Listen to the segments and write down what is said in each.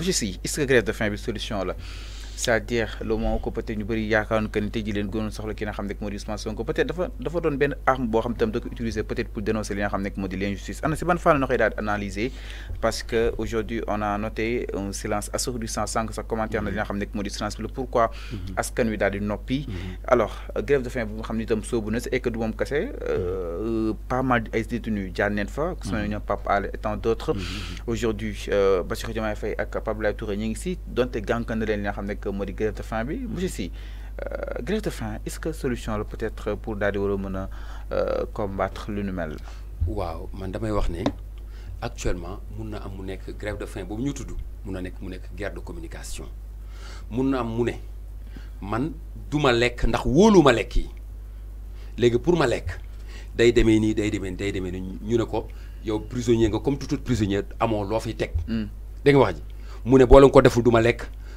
mu ngi isso é ce que grève de faim bi c'est-à-dire le moment ko peut être ñu bëri yaakaaroon que ni tey ji leen gënoon soxla ki nga xam ne Ousmane Sonko peut être dafa dafa doon ben arme bo xam tam da utiliser peut être pour dénoncer li nga xam ne l'injustice ana si ban fànn na koy daal analyser parce que aujourd'hui on a noté un silence assourdissant sànq sax commentaire na li nga xam ne moo le silence bi la pourquoi askan wi daal di noppi alors grève de faim bu nga xam ne itam et que du moom kese euh, pas mal ay détenu jaar neen fa que sont ñoom Pape étant d'autres aujourd'hui euh, Bassirou Diomaye Faye ak Pape Abdoulaye Touré ñu ngi si donte gànk na leen li nga xam grève de fin bi suis. Sy euh, grève de faim est-ce que solution peut-être pour daal au war euh, combattre lu Waouh. mel. waaw man damay actuellement mun am grève de faim bon ñu tout mun na mu guerre de communication mun na mu man du ma ndax wóolu ma lekk yi pour ma lekk day démé ni day démé day démé ñu ne ko yow prisonnier comme tout prisonnier amo lo fiy teg. Hmm. da nga wax ji mu ne bo leen ko deful du ma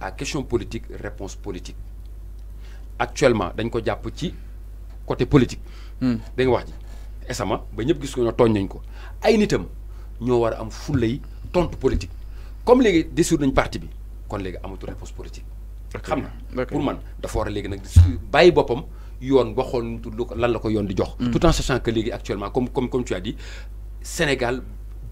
à question politique réponse politique actuellement dañ ko jàpp ci côté politique. Hmm. da nga wax ji esama ba ñëpp gis ko ñoo tooñ nañ ko ay nitam ñoo war a am fulla tontu politique comme léegi dissout nañ parti bi kon léegi amatu réponse politique. xam na pour man dafa war a léegi nag bàyyi boppam yoon waxoon lu lan la ko yoon di jox. Hmm. tout en sachant que léegi actuellement comme comme comme tu as dit Sénégal.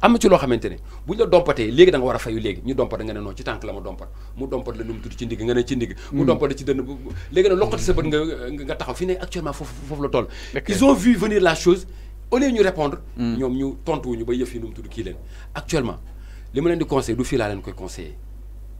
am na ci loo xamante ne la dompaté légui da nga wara fayu légui ñu dompat nga né non ci tank la ma dompat mu dompat la num mu ci ndig nga né ci ndig mu hmm. dompat la ci dënn léegi nag loqati sa bët nga nga taxaw fi né actuellement fofu fofu la toll ils ont vu venir la chose au lieu ñu répondre hmm. ñom ñu tontu ñu ba yëf yi nu mu tudd kii actuellement li ma leen di conseil du fii la leen koy conseiller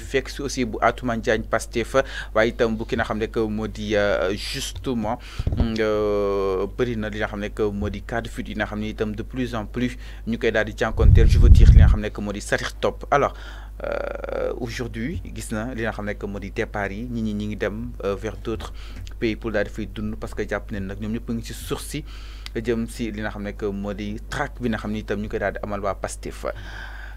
boobee aussi bu atuman Diagne Pastef waaye tam bu ki nga xam que modi euh, justement mm, euh, bëri na li nga xam que modi di cas de fuite yi nga xam de plus en plus ñu koy daal di je veux dire li nga xam que modi di sarix topp alors euh, aujourd'hui gis na li nga xam que modi di départ yi ñi ñi ngi dem vers d'autres pays pour daal di fay dund parce que japp nañ nak ñom ñep ngi ci sursis jëm si li nga xam que modi track. bi nga xam tam itam ñu koy di amal wa Pastef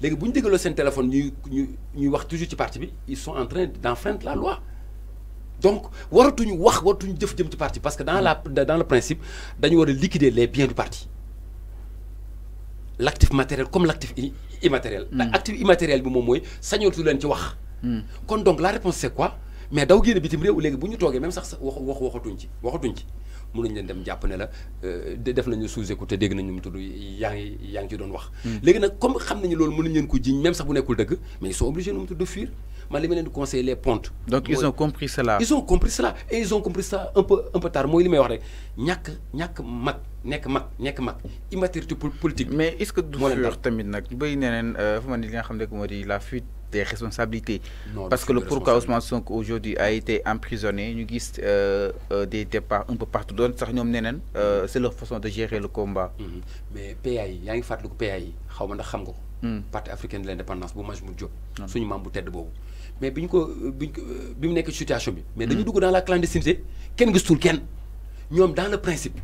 Les qui ont téléphone toujours parti ils sont en train d'enfreindre la loi donc vous wax parti parce que dans le principe dañu liquider les biens du parti l'actif matériel comme l'actif immatériel. L'actif hmm. immatériel c'est le que leen hmm. donc la réponse c'est quoi mais même mënuñ leen dem jàpp ne la euh, def nañu sous-écoute dégg nañu mu tudd yaa ngi yaa ngi ci doon wax. Hmm. léegi nag comme xam nañu loolu mënuñ leen ko jiñ même sax bu nekkul dëgg mais ils sont obligés nu mu tudd de fuir man li ma leen di conseiller les pontes. donc ils ont compris cela. ils ont compris cela et ils ont compris ça un peu un peu tard mooy li may wax rek ñàkk ñàkk mag nekk mag nekk mag immaturité politique. mais est-ce que du fuir tamit nag bay neneen euh, fu ma ni li nga xam ne moo di la fuite des responsabilités. Non, Parce que le pourquoi Ousmane Sonko aujourd'hui a été emprisonné, nous avons euh, euh, des départs un peu partout. Donc, euh, mm-hmm. c'est leur façon de gérer le combat. Mm-hmm. Mm -hmm. Mais PAI, il y a une fois le PAI, le Parti africain de l'indépendance, c'est Majmoud Diop, c'est membre tête de Bobo. Mais quand on est en situation, mais mm -hmm. dans la clandestinité, personne ne sait personne. Nous sommes dans le principe.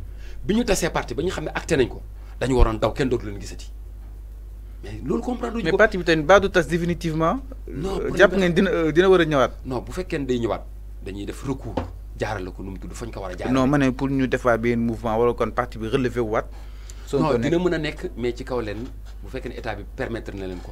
Quand on est parti, quand on acte acté, on est en train de se faire, on est mais loolu comprendre mais parti bi tamit baa du tas définitivement. non euh, jàpp ngeen dina euh, dina war a ñëwaat. non bu fekkee ne day ñëwaat dañuy def recours jaarale ko nu mu tudd fañ ko war a jaarale. non ma pour ñu defaa benn mouvement wala kon parti bi relevé waat. soo ko non dina mën a nekk mais ci kaw leen bu fekkee ne état bi permettre na leen ko.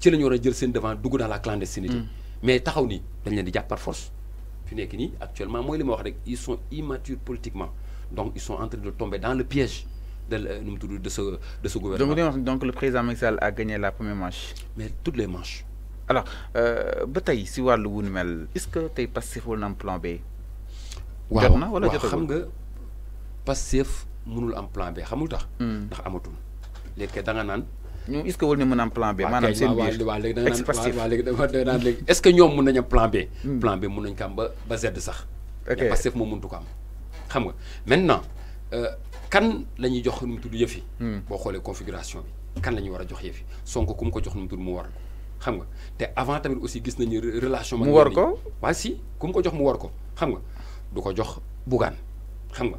ci lañu wara jël seen devant dugg dans la clandestinité. Mm. mais taxaw ni dañ leen di jàpp par force. fi nekk actuellement li ma wax rek ils sont immatures politiquement donc ils sont en train de tomber dans le piège de euh, de ce de ce gouvernement. donc le président Macky a gagné la première manche. mais toutes les manches. alors euh, ba tey si wàllu wun mel est ce que tey Pastef wala am plan B. jot na wala xam nga Pastef mënul am plan B xamul tax. Mm. ndax amatul léegi da nga naan. ñoom est-ce que war nañu mën a am plan B. maanaam seen biir expatrié waaw hmm. ko am xam nga maintenant euh, kan la ñuy jox nu mu tudd yëf yi. Hmm. boo xoolee configuration bi kan la ñuy war a jox yëf yi Sonko ku mu ko jox nu mu tudd mu war ko xam nga te avant tamit aussi gis nañu relation. mu war ko waaye si ku mu ko jox mu war ko xam nga du ko jox Bougane xam nga.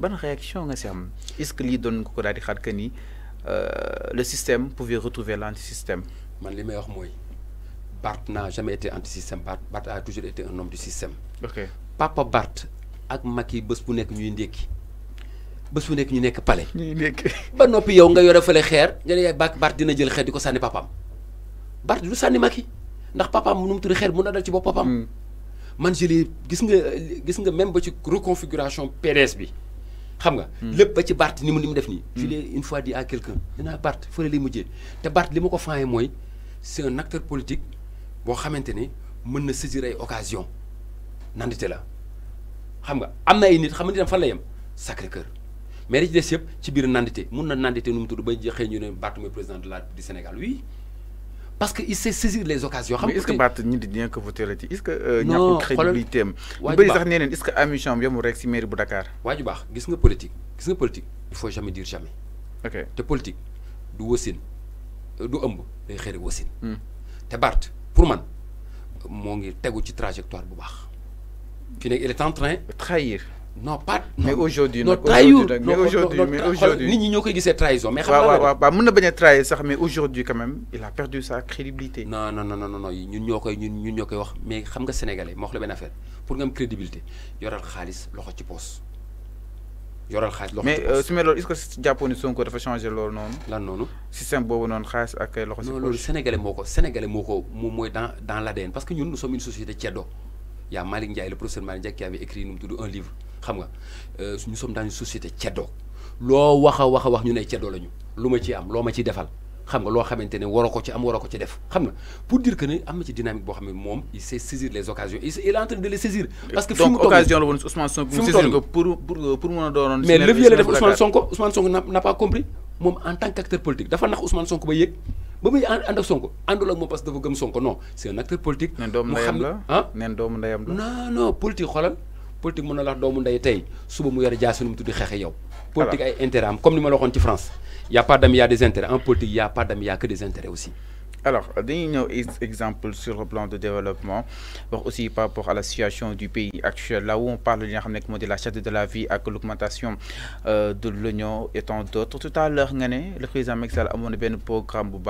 bonne réaction est-ce que euh, le système pouvait retrouver l'antisystème man li may wax Bart n'a jamais été antisystème Bart a toujours été un homme du système ok papa Bart ak Macky beus bu nek ñuy bu ñu ba yow nga dina jël ndax na dal ci hmm. man je gis nga même ba ci reconfiguration PDS xam nga hmm. lepp ba ci Barth ni mu ni mu def ni hmm. fi lee une fois dit à quelqu'un dinaa Barth fële li mujjé té Barth li ma ko moy c'est un acteur politique bo xamanténi ne mën na saisir ay occasion nandité la xam nga am na ay nit xam nga itam fan la yem Sacré Cœur mais li ci des yëpp ci biir nandité mun na nandité nu mu tudd ba xëy ñu né Barth moy président de la du Sénégal oui parce qu'il sait saisir les occasions. est-ce que Bart ñi di que ko voté la est-ce que. y euh, a ñàkkul crédibilité am. est-ce que Ami Cham yemul rek si mairie bu Dakar. waaju baax gis nga politique gis nga politique. il faut jamais dire jamais. ok te politique du wasin du ëmb day xëy wasin. Hmm. te Barth pour man moo ngi tegu ci trajectoire bu baax. fi nekk il est en train. trahir non pas mais aujourd'hui non aujourd'hui mais aujourd'hui mais aujourd'hui nit ñi ñoo koy trahison mais xam nga waaw waaw waaw mën sax mais aujourd'hui quand même il a perdu sa crédibilité non non non non non ñun ñoo koy ñun ñun ñoo koy wax mais xam nga sénégalais ma wax la benn affaire pour nga crédibilité yoral xaalis loxo ci poos yoral xaalis loxo ci euh, poos mais su ma loolu est-ce que jàppoon ni Sonko dafa changer loolu noonu lan non système c'est un xaalis ak loxo ci poos non loolu sénégalais moko sénégalais moko ko moom dans dans l'ADN parce que ñun nous sommes une société il y a Malick Ndiaye le professeur Malick Ndiaye qui avait écrit nous mu un livre xam nga euh, nous sommes dans une société ceddoo loo wax a wax a wax ñu ne ceddoo lañu lu ma ci am loo ma ci defal xam nga loo xamante ne waroo ko ci am waroo ko ci def xam nga pour dire que ne am na ci dynamique boo xam ne moom il sait saisir les occasions il est en train de les saisir. parce que fi mu occasion la woon Ousmane Sonko. fi mu toll ko pour pour pour mën a doonoon. mais le levier la def Ousmane Sonko Ousmane Sonko n'a pas compris moom en tant qu'acteur politique dafa nax Ousmane Sonko ba yëg. ba muy ànd ak Sonko àndul ak moom parce que dafa gëm Sonko non c'est un acteur politique. mu xam ne doomu ndeyam la ah? neen doomu ndeyam la. non non politique xoolal politique la wax doomu ndey tay suba mu yara jaasi tuddi yow politique ay intérêt comme ni ma la en ci France y' a pas d'ami y' a des intérêts en politique il y' a pas d'ami y' a que des intérêts aussi Alors, dernier exemple sur le plan de développement, aussi par rapport à la situation du pays actuel, là où on parle de la charte de la vie avec l'augmentation euh, de l'Union et tant d'autres. Tout à l'heure, le président Mexal a mon programme